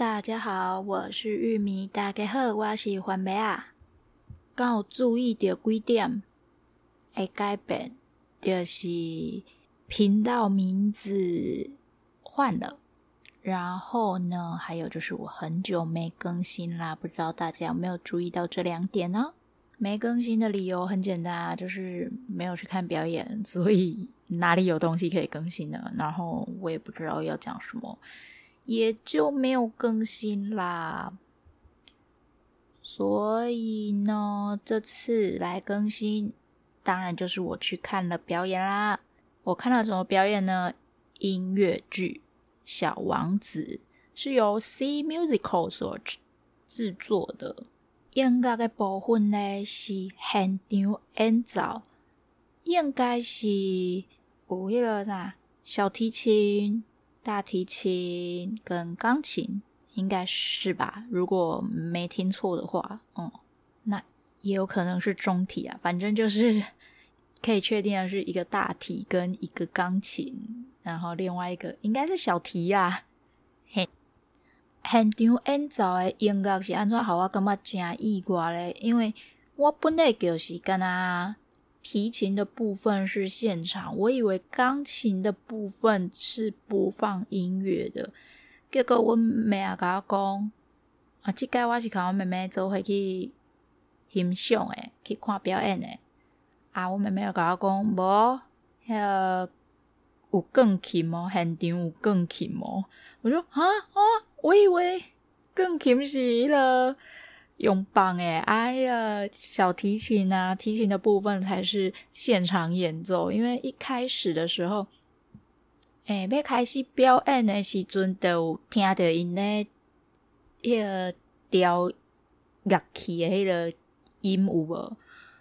大家好，我是玉米。大家好，我是番麥啊。剛有注意到幾點的改變，就是頻道名字換了。然後呢，還有就是我很久沒更新啦，不知道大家有沒有注意到這兩點呢？沒更新的理由很簡單，就是沒有去看表演，所以哪裡有東西可以更新呢？然後我也不知道要講什麼。也就沒有更新啦。所以呢，這次來更新，當然就是我去看了表演啦。我看到什麼表演呢？音樂劇《小王子》是由 C Musical 所制作的。音樂的部分呢，是現場演奏，應該是有那個啥小提琴。大提琴跟鋼琴應該是吧，如果沒聽錯的話，嗯，那也有可能是中提啊。反正就是可以確定的是一個大提跟一個鋼琴，然後另外一個應該是小提呀、啊。現現場演奏的音樂是安怎，好，我感覺真意外嘞，因為我本來就是間啊。提琴的部分是現場，我以為鋼琴的部分是播放音樂的。結果我妹仔甲我講，啊，這擺我是甲我妹妹走回去欣賞誒，去看表演誒。啊，我妹妹又甲我講，無，那個、有鋼琴哦，現場有鋼琴哦。我說，啊啊，我以為鋼琴是了。用棒誒！哎、啊、呀，那個、小提琴啊，提琴的部分才是現場演奏。因為一開始的時候，誒、欸，要開始表演的時陣，有聽着因咧迄個調樂、那個、器的迄個音有無？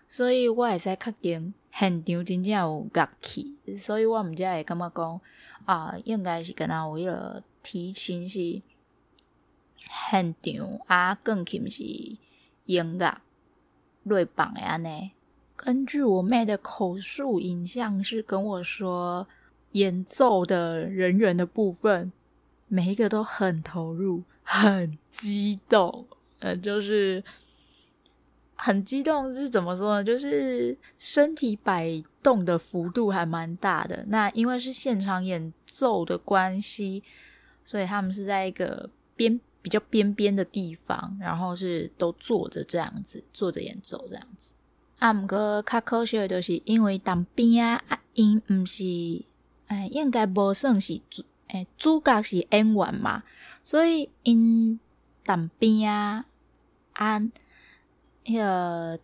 所以我會使確定現場真正有樂器，所以我毋才會感覺講啊，應該是敢若有迄個提琴是。現場啊，更特別是音樂最棒的呢。根據我妹的口述影像是跟我說，演奏的人員的部分，每一個都很投入，很激動，嗯，就是很激動是怎麼說呢？就是身體擺動的幅度還蠻大的。那因為是現場演奏的關係，所以他們是在一個邊。比較邊邊的地方，然後是都坐着這樣子，坐着演奏這樣子。啊毋過較可惜的就是因為當邊啊，因毋是哎、欸，應該無算是主哎，主角是演員嘛，所以因當邊啊，啊迄、那個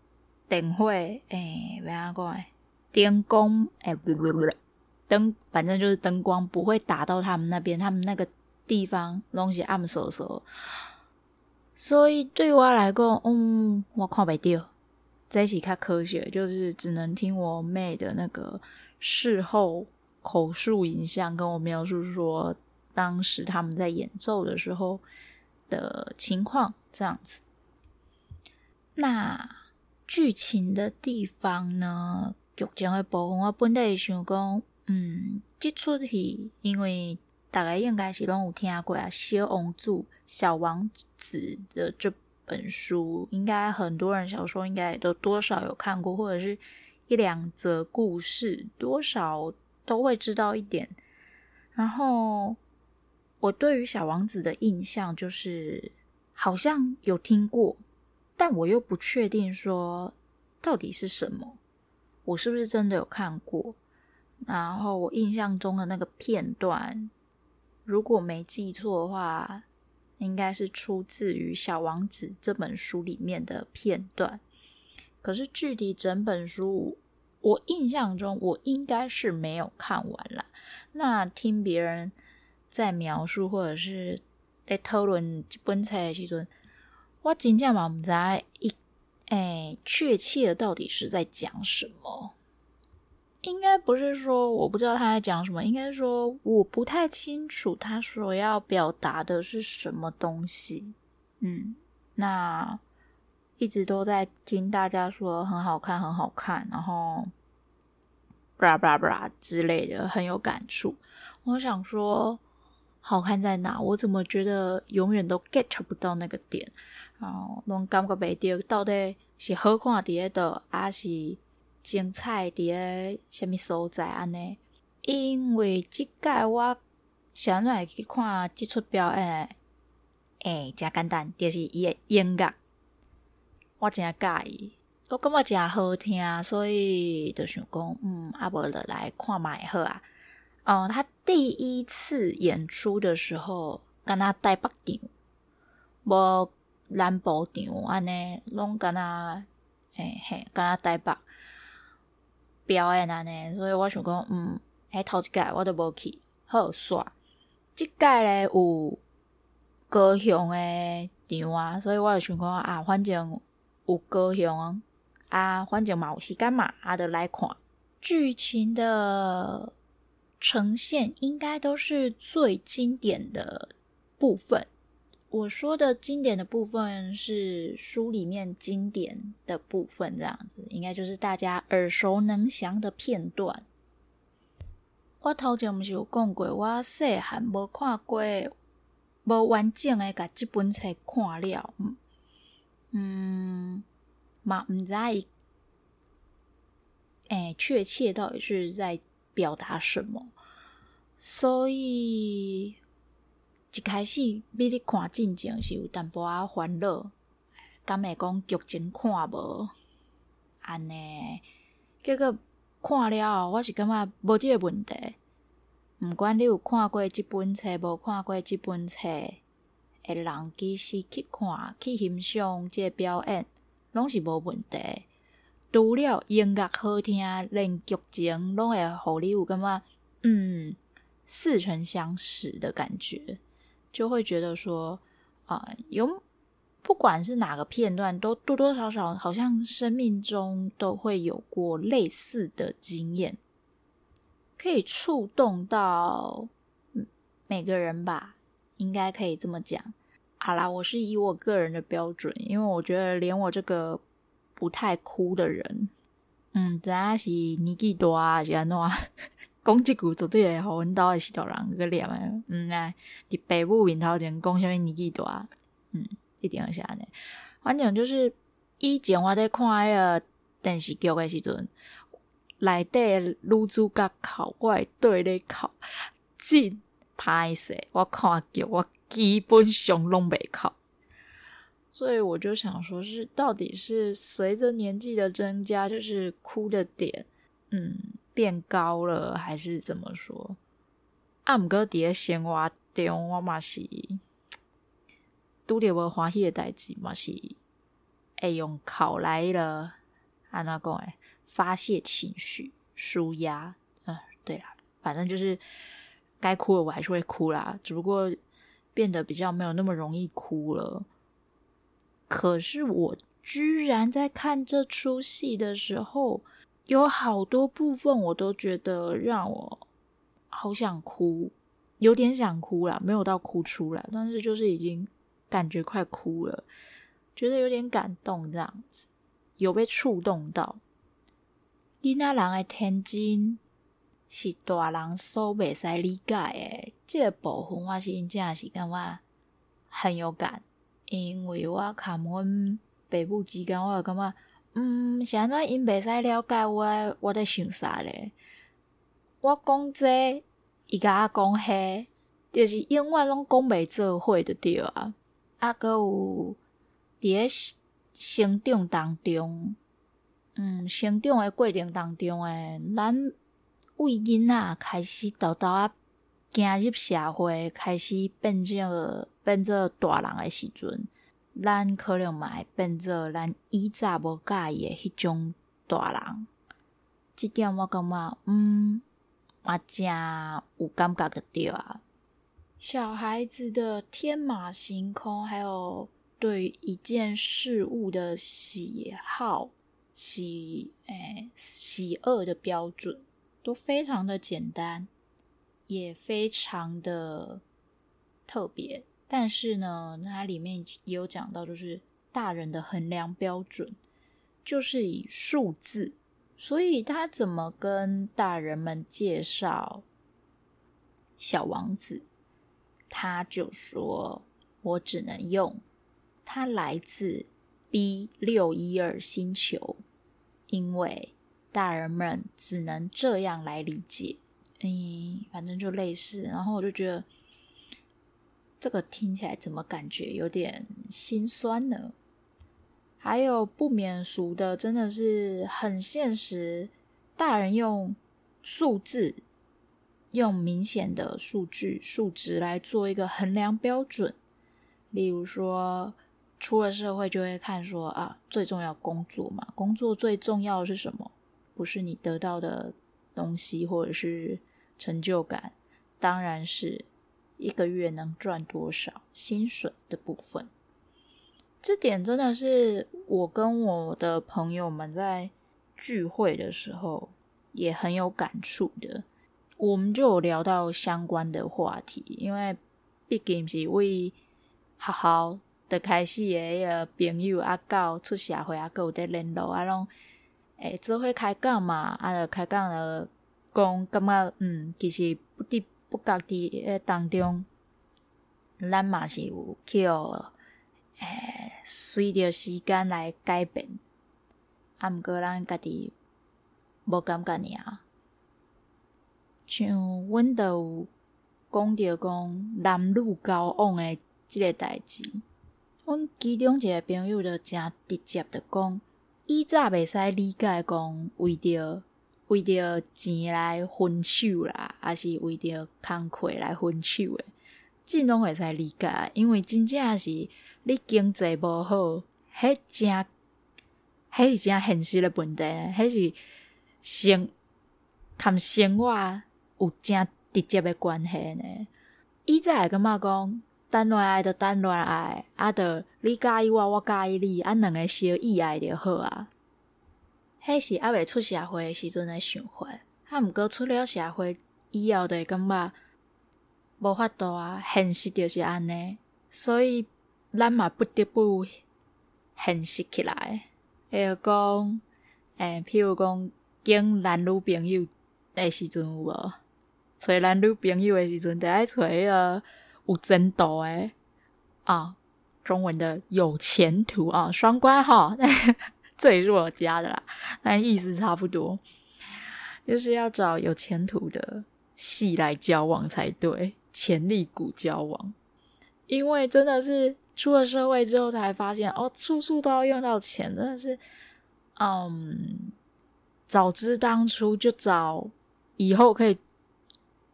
燈會哎，要安怎講哎，燈光哎，燈、欸呃呃呃呃、反正就是燈光不會打到他們那邊，他們那個。地方東西暗搜搜，所以對我來講，嗯，我看袂到，這是較科學，就是只能聽我妹的那個事後口述影像，跟我描述說當時他們在演奏的時候的情況這樣子。那劇情的地方呢，劇情的部分，我本來想講，嗯，這出戲因為。大概應該是攏有聽過啊，《席翁小王子》的這本書，應該很多人小時候應該都多少有看過，或者是一兩則故事，多少都會知道一點。然後我對於小王子的印象就是，好像有聽過，但我又不確定說到底是什麼，我是不是真的有看過？然後我印象中的那個片段。如果沒記錯的話，應該是出自於《小王子》這本書裡面的片段。可是具體整本書，我印象中我應該是沒有看完啦。那聽別人在描述或者是在討論這本書的時候，我真正嘛不知道一，哎，確切的到底是在講什麼。應該不是說我不知道他在講什麼，應該說我不太清楚他所要表達的是什麼東西。嗯，那一直都在聽大家說很好看，很好看，然後，布拉布拉布拉之類的，很有感觸。我想說好看在哪？我怎麼覺得永遠都 get 不到那個點，然後攏感覺未到到底是好看在了度，阿是？精彩佇個啥物所在？安尼，因為即屆我啥物會去看即出表演？哎、欸，真簡單，就是伊誒音樂，我真介意，我感覺真好聽，所以就想講，嗯，阿伯來來看賣好啊。哦、嗯，他第一次演出的時候，敢若台北場，無南部場，安尼攏敢若，嘿嘿，敢若台北。表演啊，呢，所以我想講，嗯，還頭一屆我都無去，好耍。即屆咧有高雄誒場啊，所以我有想講啊，反正有高雄啊，反正嘛有時間嘛，啊，就來看劇情的呈現，應該都是最經典的部分。我說的經典的部分是書裡面經典的部分，這樣子應該就是大家耳熟能詳的片段。我頭前不是有講過，我細漢無看過，無完整的把這本書看了，嗯，嘛唔知，誒，確切到底是在表達什麼，所以。一開始比你看進前是有淡薄仔煩惱，敢會講劇情看無？安、啊、尼，結果看了，後，我是感覺無即個問題。毋管你有看過即本冊，無看過本即本冊，誒,人其實去看去欣賞即個表演，攏是無問題。除了音樂好聽，連劇情攏會互你有感覺，嗯，似曾相識的感覺。就會覺得說，啊、呃，有不管是哪個片段，都多多少少好像生命中都會有過類似的經驗，可以觸動到每個人吧，應該可以這麼講。好啦，我是以我個人的標準，因為我覺得連我這個不太哭的人，嗯，不知道是年紀大了啊，是怎樣啊。講即句絕對會予阮兜的序大人佫念誒，嗯吶、啊，佇爸母面頭前講啥物年紀大，嗯，一定著是安尼。反正就是以前我佇看迄個電視劇誒時陣，內底女主角哭，我會綴咧哭，真歹勢。我看阿舅，我基本上攏袂哭，所以我就想說是，是到底是隨着年紀的增加，就是哭的點，嗯。變高了還是怎麼說？阿姆哥底下閒話，得嘛是馬西，都得我歡喜的代志嘛是。哎，用考來了，安娜公哎，發洩情緒、舒壓啊，對啦，反正就是該哭的我還是會哭啦，只不過變得比較沒有那麼容易哭了。可是我居然在看這出戲的時候。有好多部分我都覺得讓我好想哭，有點想哭啦，沒有到哭出來，但是就是已經感覺快哭了，覺得有點感動這樣子，有被觸動到。伊 那人的天真，是大人所未使理解的。這個部分我是真的是感覺很有感，因為我我們北部之間，我也感覺。嗯，是安怎因袂使了解我，我佇想啥咧？我講這個，伊甲我講迄、那個，就是永遠攏講袂做伙的對啊。啊，擱有佇個成長當中，嗯，成長誒過程當中誒，咱為囡仔開始沓沓仔走入社會，開始變作、這個、變作大人誒時陣。咱可能嘛會變做咱以前無佮意誒迄種大人，即點我感覺，嗯，也、啊、真有感覺個着啊。小孩子的天馬行空，還有對一件事物的喜好、喜誒、欸、喜惡的標準，都非常的簡單，也非常的特別。但是呢，它裡面也有講到，就是大人的衡量標準就是以數字，所以他怎麼跟大人們介紹小王子，他就說：“我只能用他來自 B 六一二星球，因為大人們只能這樣來理解。”欸，嗯，反正就類似。然後我就覺得。這個聽起來怎麼感覺有點心酸呢？還有不免俗的，真的是很現實。大人用數字、用明顯的數據數值來做一個衡量標準，例如說，出了社會就會看說啊，最重要工作嘛，工作最重要的是什麼？不是你得到的東西，或者是成就感，當然是。一個月能賺多少薪水的部分，這點真的是我跟我的朋友們在聚會的時候也很有感觸的。我們就聊到相關的話題，因為畢竟，是為學校的開始的迄個朋友啊，到出社會在啊，各有的聯絡啊，攏誒做伙開講嘛，啊，開講了講，感覺嗯，其實不滴。嗯不家己誒，當中，嗯、咱嘛是有去，誒、欸，隨着時間來改變，啊，毋過咱家己無感覺爾。像阮都有講着講男女交往誒，即個代志，阮其中一個朋友着真直接着講，伊早袂使理解講為着。為着錢來分手啦，抑是為着工課來分手的，即攏會使理解。因為真正是，你經濟無好，迄真，迄是真現實的問題，迄是生，康生活有真直接的關係呢、欸？伊才會個嘛講，等戀愛就等戀愛，啊，就你介意我，我介意你，俺兩個相意愛就好啊。嘿，是還袂出社會誒時陣誒想法，啊，毋過出了社會以後着會感覺無法度啊，現實着是安尼，所以咱嘛不得不現實起來。例如講，誒，譬如講、欸，找男女朋友誒時陣有無？找男女朋友誒時陣，着愛找迄個有前途誒啊、哦，中文的有前途啊，雙、哦、關吼。 這裡是我加的啦，但意思差不多，就是要找有前途的系來交往才對，潛力股交往。因為真的是出了社會之後才發現，哦，處處都要用到錢，真的是，嗯，早知當初就找以後可以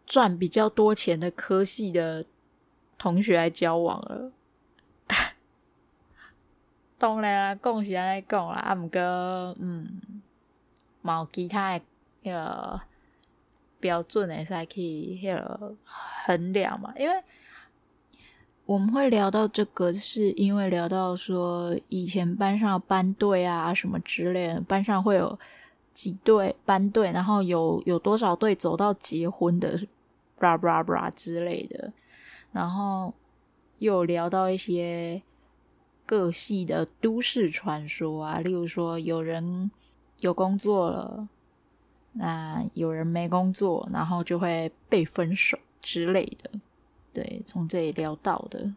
賺比較多錢的科系的同學來交往了。當然啦，講是安尼講啦，啊，唔過，嗯，冇其他的那個標準的使去迄個衡量嘛。因為我們會聊到這個，是因為聊到說以前班上班隊啊什麼之類的，班上會有幾隊班隊，然後有有多少隊走到結婚的，blah blah blah 之類的，然後又有聊到一些。各系的都市傳說啊，例如說有人有工作了，那有人沒工作，然後就會被分手之類的。對，從這裡聊到的。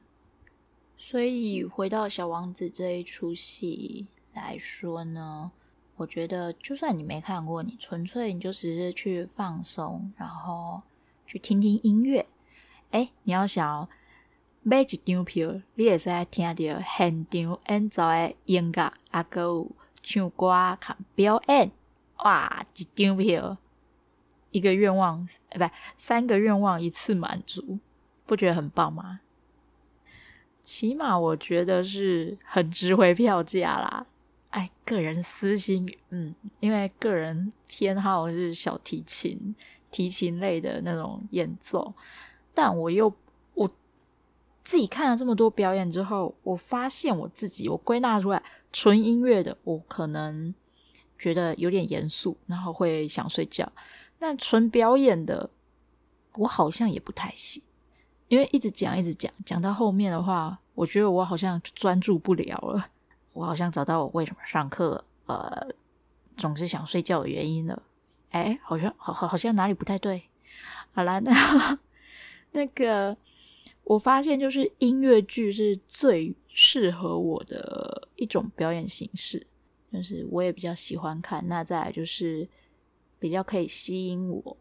所以回到小王子這一出戲來說呢，我覺得就算你沒看過，你純粹你就只是去放鬆，然後去聽聽音樂，哎、欸，你要想。買一張票，你可以聽到現場演奏的音樂，啊，還有唱歌、看表演，哇！一張票，一個願望，誒，不，三個願望一次滿足，不覺得很棒嗎？起碼我覺得是很值回票價啦。哎，個人私心，嗯，因為個人偏好是小提琴、提琴類的那種演奏，但我又。自己看了這麼多表演之後，我發現我自己，我歸納出來，純音樂的我可能覺得有點嚴肅，然後會想睡覺。但純表演的，我好像也不太行，因為一直講，一直講，講到後面的話，我覺得我好像專注不了了，我好像找到我為什麼上課，呃，總是想睡覺的原因了。哎，好像好好好像哪裡不太對。好啦，那 那個。我發現，就是音樂劇是最適合我的一種表演形式，就是我也比較喜歡看。那再來就是比較可以吸引我，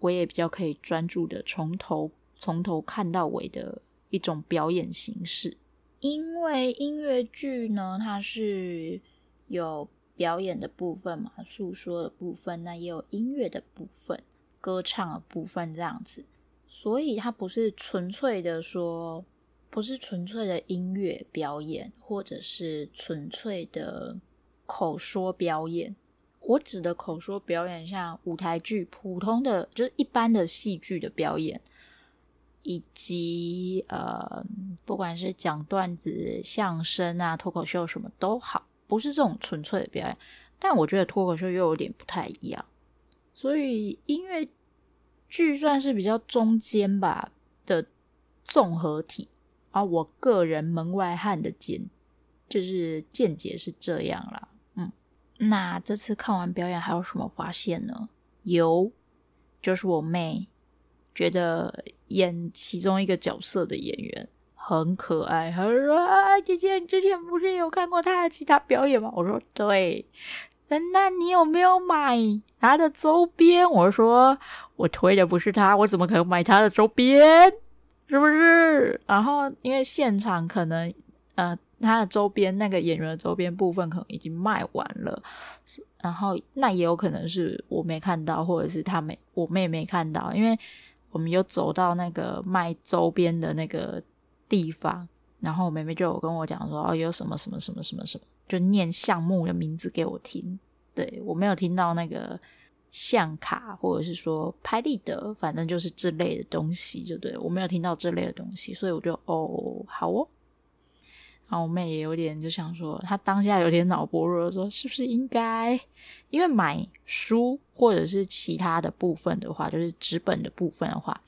我也比較可以專注的從頭從頭看到尾的一種表演形式。因為音樂劇呢，它是有表演的部分嘛，訴說的部分，那也有音樂的部分，歌唱的部分，這樣子。所以它不是純粹的說，不是純粹的音樂表演，或者是純粹的口說表演。我指的口說表演，像舞台劇、普通的就是一般的戲劇的表演，以及呃，不管是講段子、相聲啊、脫口秀什麼都好，不是這種純粹的表演。但我覺得脫口秀又有點不太一樣，所以音樂。劇算是比較中間吧的綜合體而、啊、我個人門外漢的見就是見解是這樣啦。嗯，那這次看完表演還有什麼發現呢？有，就是我妹覺得演其中一個角色的演員很可愛。她說、啊：“姐姐，你之前不是有看過她的其他表演嗎？”我說：“對。”那那、啊、你有沒有買他的周邊？我說我推的不是他，我怎麼可能買他的周邊？是不是？然後因為現場可能，呃，他的周邊那個演員的周邊部分可能已經賣完了，然後那也有可能是我沒看到，或者是他沒我妹妹沒看到，因為我們有走到那個賣周邊的那個地方，然後我妹妹就有跟我講說，哦，有什麼什麼什麼什麼什麼。就念項目的名字給我聽，對，我沒有聽到那個相卡或者是說拍立得，反正就是這類的東西，就對，我沒有聽到這類的東西，所以我就哦，好哦。然後我妹也有點就想說，她當下有點腦波弱的，說是不是應該，因為買書或者是其他的部分的話，就是紙本的部分的話，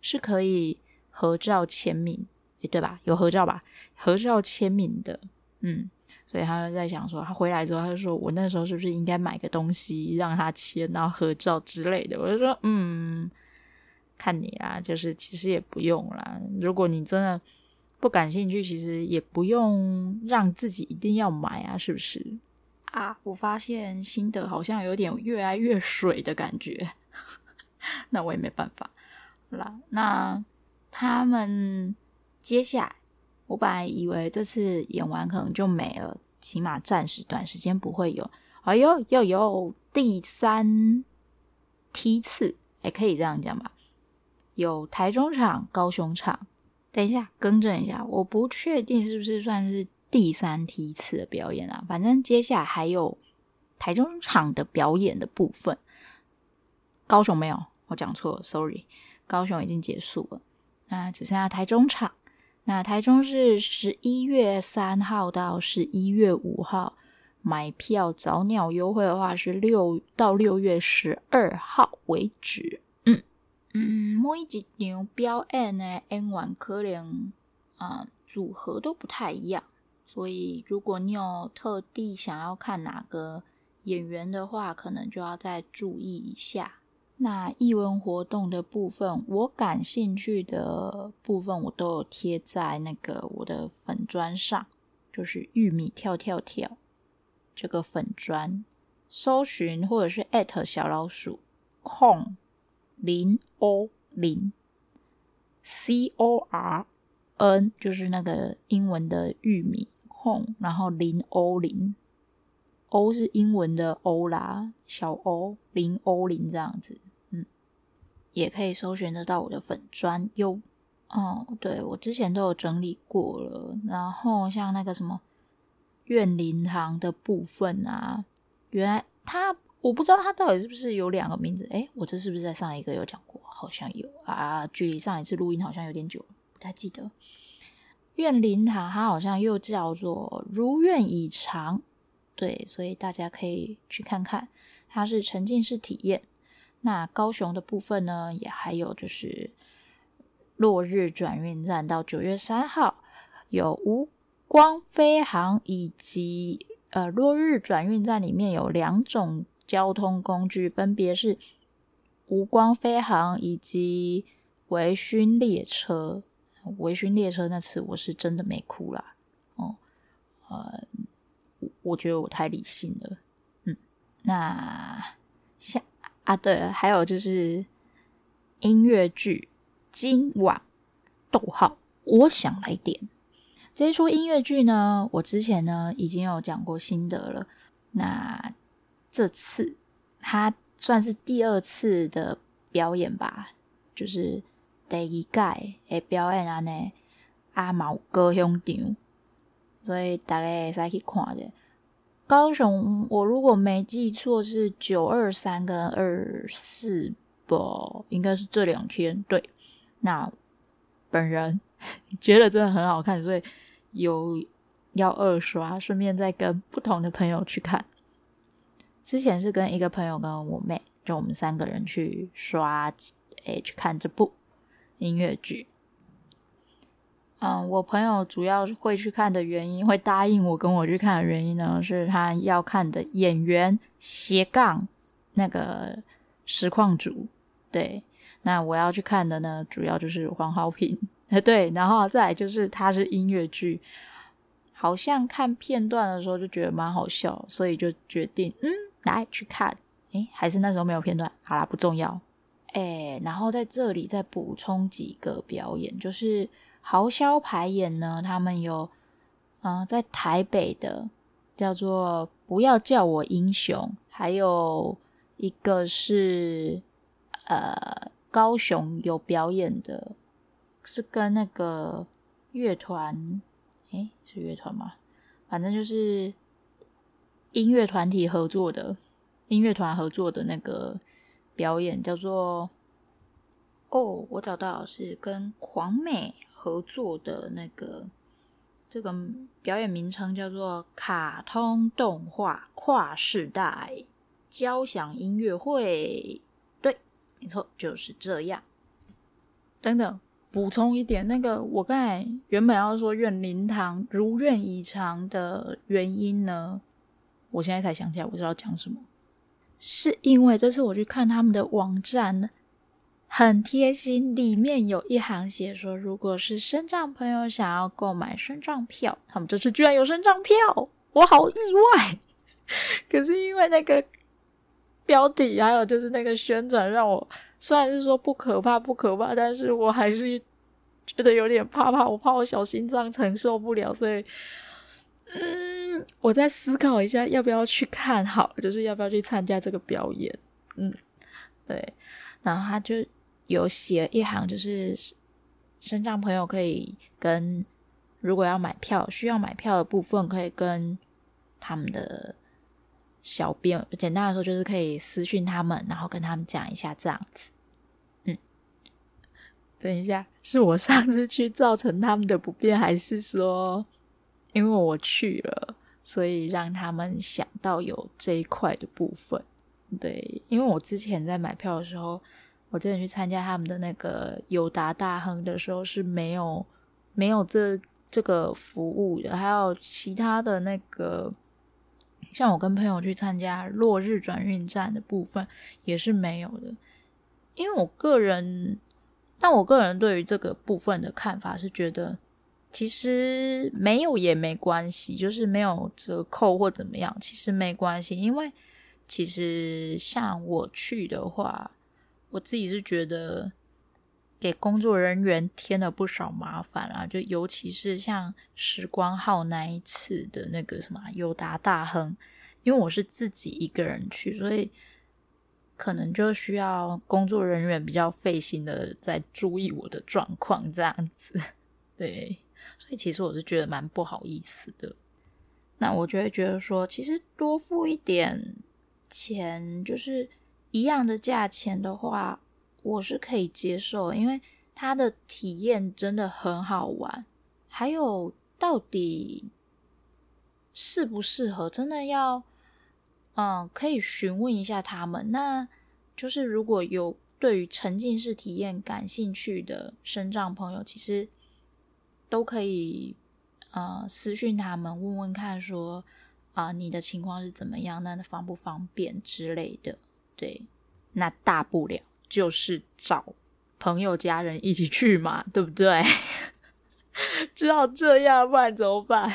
是可以合照簽名，誒，對吧？有合照吧？合照簽名的，嗯。所以他就在想說，他回來之後，他就說我那時候是不是應該買個東西讓他簽，然後合照之類的。我就說，嗯，看你啦、啊，就是其實也不用啦。如果你真的不感興趣，其實也不用讓自己一定要買啊，是不是？啊，我發現心得好像有點越來越水的感覺， 那我也沒辦法了。那他們接下來。我本來以為這次演完可能就沒了，起碼暫時短時間不會有。哎呦，又有第三梯次，哎、欸，可以這樣講吧？有台中場、高雄場。等一下，更正一下，我不確定是不是算是第三梯次的表演啊。反正接下來還有台中場的表演的部分。高雄沒有，我講錯了，sorry。高雄已經結束了，那只剩下台中場。那台中是十一月三號到十一月五號買票，早鳥優惠的話是六到六月十二號為止。嗯嗯，每一場表演呢，演員可能啊組合都不太一樣，所以如果你有特地想要看哪個演員的話，可能就要再注意一下。那藝文活動的部分，我感興趣的部分，我都有貼在那個我的粉專上，就是玉米跳跳跳這個粉專，搜尋或者是@小老鼠控 o 零 o 零 c o r n，就是那個英文的玉米 corn，然後零 o 零，O 是英文的 O 啦，小 O 零 o 零這樣子。也可以搜尋得到我的粉專，喲。哦、嗯，對我之前都有整理過了。然後像那個什麼怨靈堂的部分啊，原來它我不知道它到底是不是有兩個名字。誒，我這是不是在上一個有講過？好像有啊，距離上一次錄音好像有點久，不太記得。怨靈堂它好像又叫做如願以償，對，所以大家可以去看看，它是沉浸式體驗。那高雄的部分呢，也還有就是落日轉運站到九月三號有無光飛航，以及呃落日轉運站裡面有兩種交通工具，分別是無光飛航以及微醺列車。微醺列車那次我是真的沒哭啦。哦，呃，我覺得我太理性了，嗯，那下。啊，對，還有就是音樂劇，今晚，逗號，我想來點。這一出音樂劇呢，我之前呢已經有講過心得了。那這次他算是第二次的表演吧，就是第一屆的表演啊呢，阿毛哥兄弟，所以大家會使去看一下。高雄，我如果沒記錯是九二三跟二四吧，應該是這兩天。對，那本人覺得真的很好看，所以有要二刷，順便再跟不同的朋友去看。之前是跟一個朋友跟我妹，就我們三個人去刷，哎，去看這部音樂劇。嗯，我朋友主要會去看的原因，會答應我跟我去看的原因呢，是他要看的演員斜槓那個實況主。對，那我要去看的呢，主要就是黃豪平。對，然後再來就是他是音樂劇，好像看片段的時候就覺得蠻好笑，所以就決定，嗯來去看。誒、欸，還是那時候沒有片段，好啦，不重要。誒、欸，然後在這裡再補充幾個表演，就是。豪銷排演呢？他們有，嗯、呃，在台北的叫做“不要叫我英雄”，還有一個是，呃，高雄有表演的，是跟那個樂團，誒、欸，是樂團嗎？反正就是音樂團體合作的，音樂團合作的那個表演叫做，哦，我找到是跟狂美。合作的那個這個表演名稱叫做《卡通動畫跨世代交響音樂會》，對，沒錯，就是這樣。等等，補充一點，那個我剛才原本要說願靈堂如願以償的原因呢，我現在才想起來，我不知道講什麼，是因為這次我去看他們的網站。很貼心，裡面有一行寫說：“如果是身障朋友想要購買身障票，他們這次居然有身障票，我好意外。 ”可是因為那個標題還有就是那個宣傳，讓我雖然是說不可怕，不可怕，但是我還是覺得有點怕怕，我怕我小心臟承受不了，所以，嗯，我再思考一下要不要去看，好，就是要不要去參加這個表演？嗯，對，然後他就。有寫了一行，就是身障朋友可以跟，如果要買票需要買票的部分可以跟他們的小編，簡單來說就是可以私訊他們，然後跟他們講一下這樣子。嗯，等一下，是我上次去造成他們的不便，還是說因為我去了，所以讓他們想到有這一塊的部分？對，因為我之前在買票的時候。我之前去參加他們的那個友達大亨的時候是沒有沒有這這個服務的，還有其他的那個，像我跟朋友去參加落日轉運站的部分也是沒有的。因為我個人，但我個人對於這個部分的看法是覺得，其實沒有也沒關係，就是沒有折扣或怎麼樣，其實沒關係。因為其實像我去的話。我自己是覺得給工作人員添了不少麻煩啊，就尤其是像時光號那一次的那個什麼友達大亨，因為我是自己一個人去，所以可能就需要工作人員比較費心的在注意我的狀況這樣子。對，所以其實我是覺得蠻不好意思的。那我就會覺得說，其實多付一點錢就是。一樣的價錢的話，我是可以接受，因為它的體驗真的很好玩。還有到底適不適合，真的要嗯，可以詢問一下他們。那就是如果有對於沉浸式體驗感興趣的身障朋友，其實都可以呃、嗯、私訊他們問問看說，說、嗯、啊你的情況是怎麼樣，那方不方便之類的。對，那大不了就是找朋友、家人一起去嘛，對不對？只好這樣，不然怎麼辦？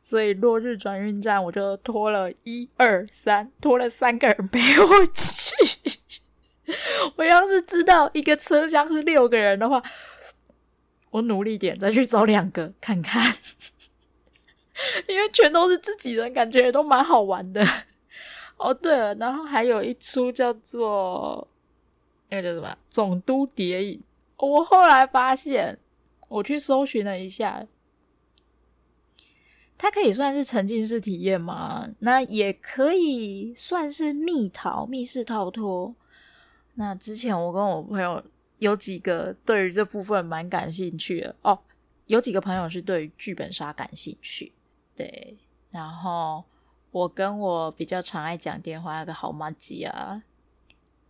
所以落日轉運站，我就拖了一二三，拖了三個人陪我去。 我要是知道一個車廂是六個人的話，我努力點再去找兩個看看， 因為全都是自己人，感覺也都蠻好玩的。哦，對了，然後還有一齣叫做那個叫什麼《總督諜影》，我後來發現，我去搜尋了一下，它可以算是沉浸式體驗嗎？那也可以算是密逃、密室逃脫。那之前我跟我朋友有幾個對於這部分蠻感興趣的哦，有幾個朋友是對於劇本殺感興趣，對，然後。我跟我比較常愛講電話那個好麻吉啊，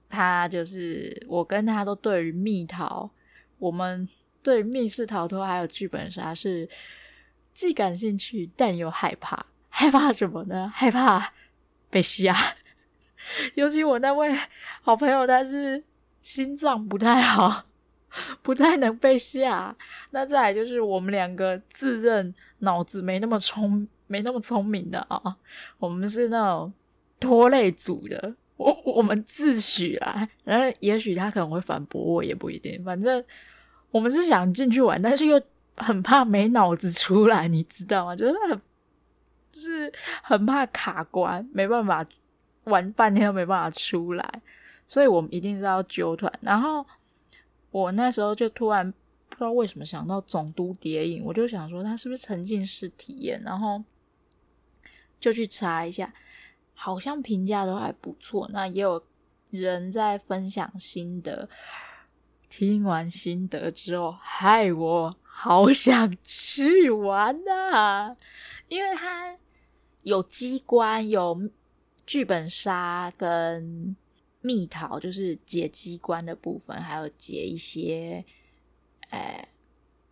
他就是我跟他都對於密逃，我們對密室逃脫還有劇本殺是既感興趣但又害怕，害怕什麼呢？害怕被嚇。尤其我那位好朋友，他是心臟不太好，不太能被嚇。那再來就是我們兩個自認腦子沒那麼聰。沒那麼聰明的啊、哦，我們是那種拖累組的，我我們自詡啊，然後也許他可能會反駁我，也不一定。反正我們是想進去玩，但是又很怕沒腦子出來，你知道嗎？就是很是很怕卡關，沒辦法玩半天都沒辦法出來，所以我們一定是要揪團。然後我那時候就突然不知道為什麼想到《總督諜影》，我就想說他是不是沉浸式體驗，然後。就去查一下，好像評價都還不錯。那也有人在分享心得，聽完心得之後，害我好想去玩吶！因為它有機關，有劇本殺跟密逃，就是解機關的部分，還有解一些，欸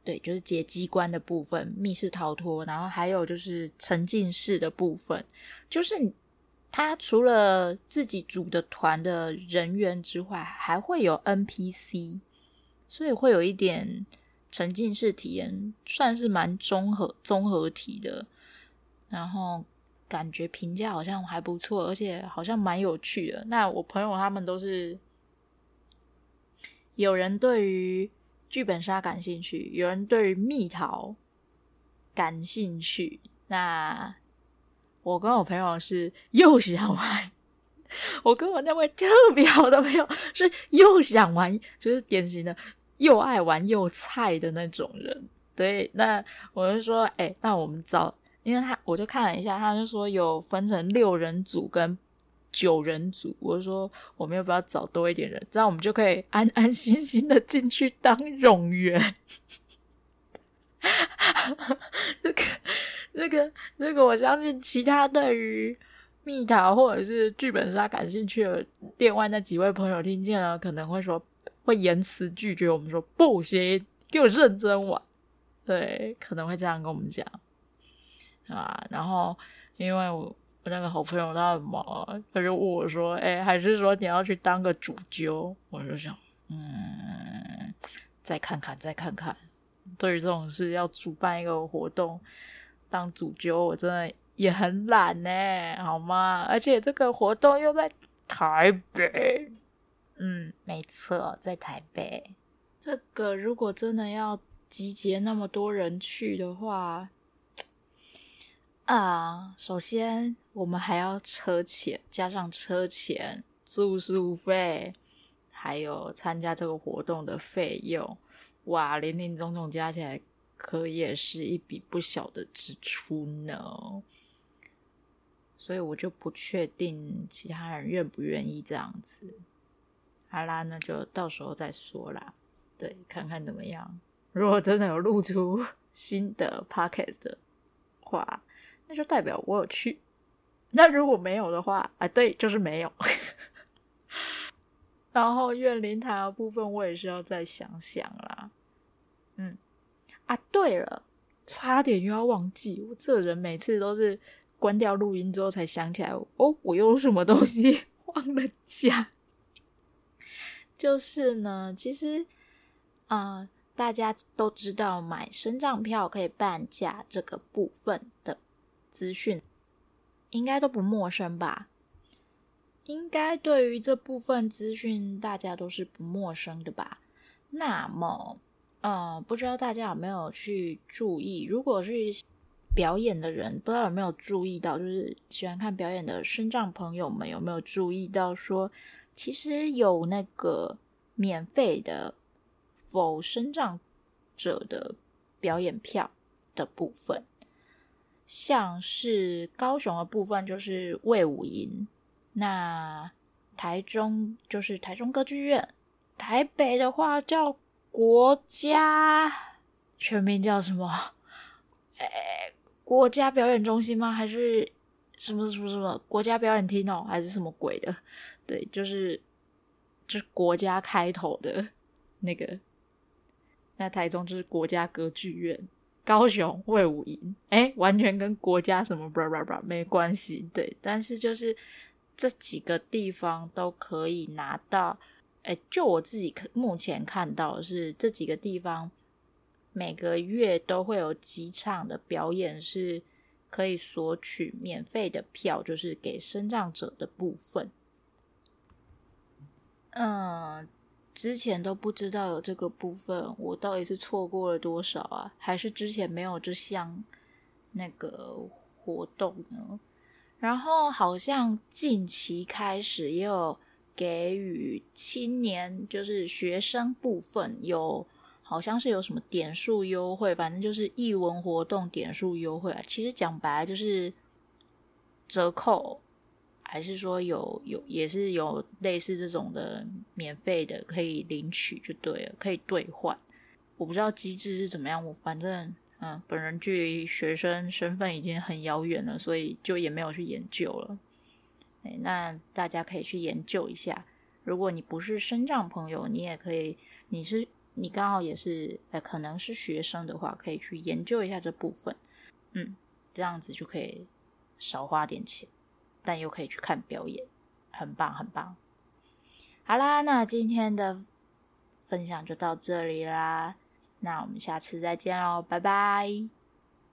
對，就是解機關的部分、密室逃脫，然後還有就是沉浸式的部分，就是他除了自己組的團的人員之外，還會有 NPC，所以會有一點沉浸式體驗，算是蠻綜合綜合體的。然後感覺評價好像還不錯，而且好像蠻有趣的。那我朋友他們都是有人對於。劇本殺感興趣，有人對蜜桃感興趣。那我跟我朋友是又想玩，我跟我那位特別好的朋友是又想玩，就是典型的又愛玩又菜的那種人。對，那我就說，誒、欸，那我們找，因為他我就看了一下，他就說有分成六人組跟。九人組，我就說我們要不要找多一點人，這樣我們就可以安安心心的進去當冗員。 這個、這個、這個，我相信其他對於蜜桃或者是劇本殺感興趣的店外那幾位朋友聽見了，可能會說，會嚴詞拒絕我們說不行，給我認真玩，對，可能會這樣跟我們講，啊，然後因為我。我那個好朋友，他很忙。他就問我說：“哎、欸，還是說你要去當個主揪？”我就想，嗯，再看看，再看看。對於這種事，要主辦一個活動當主揪，我真的也很懶呢，好嗎？而且這個活動又在台北。嗯，沒錯，在台北。這個如果真的要集結那麼多人去的話，啊、uh，首先我們還要車錢，加上車錢、住宿費，還有參加這個活動的費用，哇，林林總總加起來可也是一筆不小的支出呢。所以我就不確定其他人願不願意這樣子。好啦，那就到時候再說啦。對，看看怎麼樣。如果真的有錄出新的 podcast 的話，那就代表我有去。那如果沒有的話，哎、啊，對，就是沒有。 然後怨靈的部分，我也是要再想想啦。嗯，啊，對了，差點又要忘記。我這人每次都是關掉錄音之後才想起來。哦，我用什麼東西忘了講。就是呢，其實，嗯、呃、大家都知道買身障票可以半價這個部分的。資訊應該都不陌生吧？應該對於這部分資訊，大家都是不陌生的吧？那麼，呃、嗯，不知道大家有沒有去注意？如果是表演的人，不知道有沒有注意到？就是喜歡看表演的身障朋友們有沒有注意到說？說其實有那個免費的否身障者的表演票的部分。像是高雄的部分就是衛武營，那台中就是台中歌劇院，台北的話叫國家，全名叫什麼？哎，國家表演中心嗎？還是什麼什麼什麼國家表演廳哦？還是什麼鬼的？對，就是就是國家開頭的那個，那台中就是國家歌劇院。高雄衛武營誒，完全跟國家什麼不不不，沒關係，對。但是就是這幾個地方都可以拿到，誒就我自己目前看到的是這幾個地方每個月都會有幾場的表演是可以索取免費的票，就是給身障者的部分，嗯。之前都不知道有這個部分，我到底是錯過了多少啊？還是之前沒有這項那個活動呢？然後好像近期開始也有給予青年，就是學生部分有，好像是有什麼點數優惠，反正就是藝文活動點數優惠啊，其實講白了就是折扣。還是說有有也是有類似這種的免費的可以領取就對了，可以兌換。我不知道機制是怎麼樣，我反正嗯，本人距離學生身份已經很遙遠了，所以就也沒有去研究了，欸。那大家可以去研究一下。如果你不是身障朋友，你也可以，你是你剛好也是呃、欸，可能是學生的話，可以去研究一下這部分。嗯，這樣子就可以少花點錢。但又可以去看表演，很棒很棒。好啦，那今天的分享就到這裡啦。那我們下次再見嘍，拜拜。